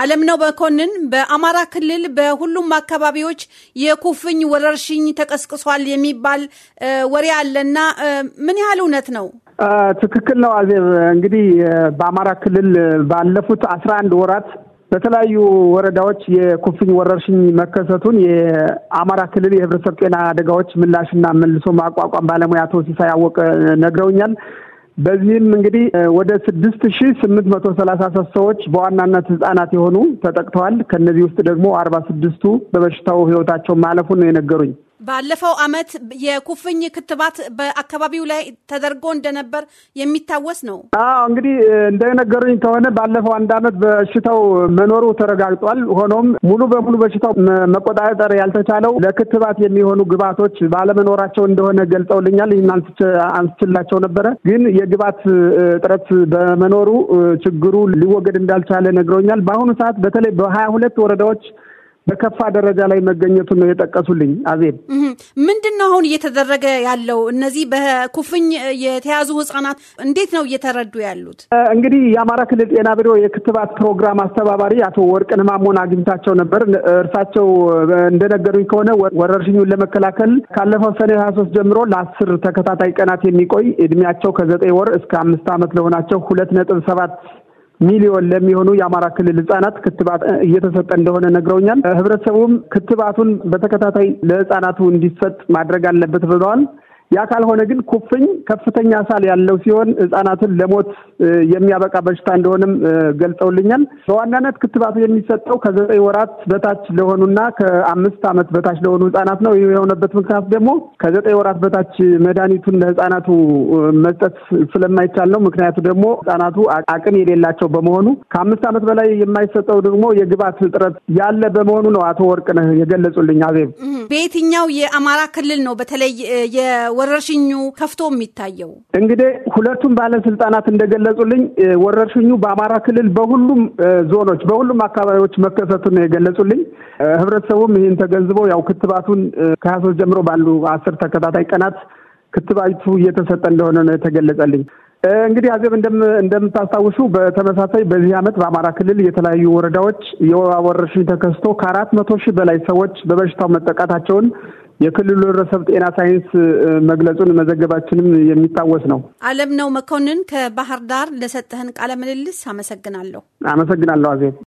አለምነው መኮንን በአማራ ክልል በሁሉም አካባቢዎች የኩፍኝ ወረርሽኝ ተቀስቅሷል የሚባል ወሬ አለና ምን ያህል እውነት ነው? ትክክል ነው አዜብ። እንግዲህ በአማራ ክልል ባለፉት አስራ አንድ ወራት በተለያዩ ወረዳዎች የኩፍኝ ወረርሽኝ መከሰቱን የአማራ ክልል የህብረተሰብ ጤና አደጋዎች ምላሽና መልሶ ማቋቋም ባለሙያ አቶ ሲሳይ አወቀ ነግረውኛል። በዚህም እንግዲህ ወደ ስድስት ሺ ስምንት መቶ ሰላሳ ሶስት ሰዎች በዋናነት ህጻናት የሆኑ ተጠቅተዋል። ከእነዚህ ውስጥ ደግሞ አርባ ስድስቱ በበሽታው ህይወታቸው ማለፉን ነው የነገሩኝ። ባለፈው ዓመት የኩፍኝ ክትባት በአካባቢው ላይ ተደርጎ እንደነበር የሚታወስ ነው። አዎ እንግዲህ እንደነገሩኝ ከሆነ ባለፈው አንድ ዓመት በሽታው መኖሩ ተረጋግጧል። ሆኖም ሙሉ በሙሉ በሽታው መቆጣጠር ያልተቻለው ለክትባት የሚሆኑ ግብዓቶች ባለመኖራቸው እንደሆነ ገልጸውልኛል። ይህን አንስችላቸው ነበረ። ግን የግብዓት እጥረት በመኖሩ ችግሩ ሊወገድ እንዳልቻለ ነግረውኛል። በአሁኑ ሰዓት በተለይ በሀያ ሁለት ወረዳዎች በከፋ ደረጃ ላይ መገኘቱን ነው የጠቀሱልኝ። አዜብ፣ ምንድን ነው አሁን እየተደረገ ያለው? እነዚህ በኩፍኝ የተያዙ ህጻናት እንዴት ነው እየተረዱ ያሉት? እንግዲህ የአማራ ክልል ጤና ቢሮ የክትባት ፕሮግራም አስተባባሪ አቶ ወርቅን ማሞን አግኝታቸው ነበር። እርሳቸው እንደነገሩኝ ከሆነ ወረርሽኙን ለመከላከል ካለፈው ሰኔ ሀያ ሶስት ጀምሮ ለአስር ተከታታይ ቀናት የሚቆይ እድሜያቸው ከዘጠኝ ወር እስከ አምስት ዓመት ለሆናቸው ሁለት ነጥብ ሰባት ሚሊዮን ለሚሆኑ የአማራ ክልል ህጻናት ክትባት እየተሰጠ እንደሆነ ነግረውኛል። ህብረተሰቡም ክትባቱን በተከታታይ ለህጻናቱ እንዲሰጥ ማድረግ አለበት ብለዋል። ያ ካልሆነ ግን ኩፍኝ ከፍተኛ ሳል ያለው ሲሆን ህጻናትን ለሞት የሚያበቃ በሽታ እንደሆነም ገልጸውልኛል። በዋናነት ክትባቱ የሚሰጠው ከዘጠኝ ወራት በታች ለሆኑና ከአምስት ዓመት በታች ለሆኑ ህጻናት ነው። ይህ የሆነበት ምክንያት ደግሞ ከዘጠኝ ወራት በታች መድኃኒቱን ለህጻናቱ መስጠት ስለማይቻል ነው። ምክንያቱ ደግሞ ህጻናቱ አቅም የሌላቸው በመሆኑ ከአምስት ዓመት በላይ የማይሰጠው ደግሞ የግብዓት እጥረት ያለ በመሆኑ ነው አቶ ወርቅነህ የገለጹልኝ። አዜብ በየትኛው የአማራ ክልል ነው በተለይ ወረርሽኙ ከፍቶ የሚታየው? እንግዲህ ሁለቱም ባለስልጣናት እንደገለጹልኝ ወረርሽኙ በአማራ ክልል በሁሉም ዞኖች፣ በሁሉም አካባቢዎች መከሰቱን ነው የገለጹልኝ። ህብረተሰቡም ይህን ተገንዝቦ ያው ክትባቱን ከሀያ ሶስት ጀምሮ ባሉ አስር ተከታታይ ቀናት ክትባቱ እየተሰጠ እንደሆነ ነው የተገለጸልኝ። እንግዲህ አዜብ እንደምታስታውሱ በተመሳሳይ በዚህ ዓመት በአማራ ክልል የተለያዩ ወረዳዎች የወባ ወረርሽኝ ተከስቶ ከአራት መቶ ሺህ በላይ ሰዎች በበሽታው መጠቃታቸውን የክልሉ ርዕሰብ ጤና ሳይንስ መግለጹን መዘገባችንም የሚታወስ ነው። አለም ነው መኮንን ከባህር ዳር ለሰጠህን ቃለ ምልልስ አመሰግናለሁ። አመሰግናለሁ አዜብ።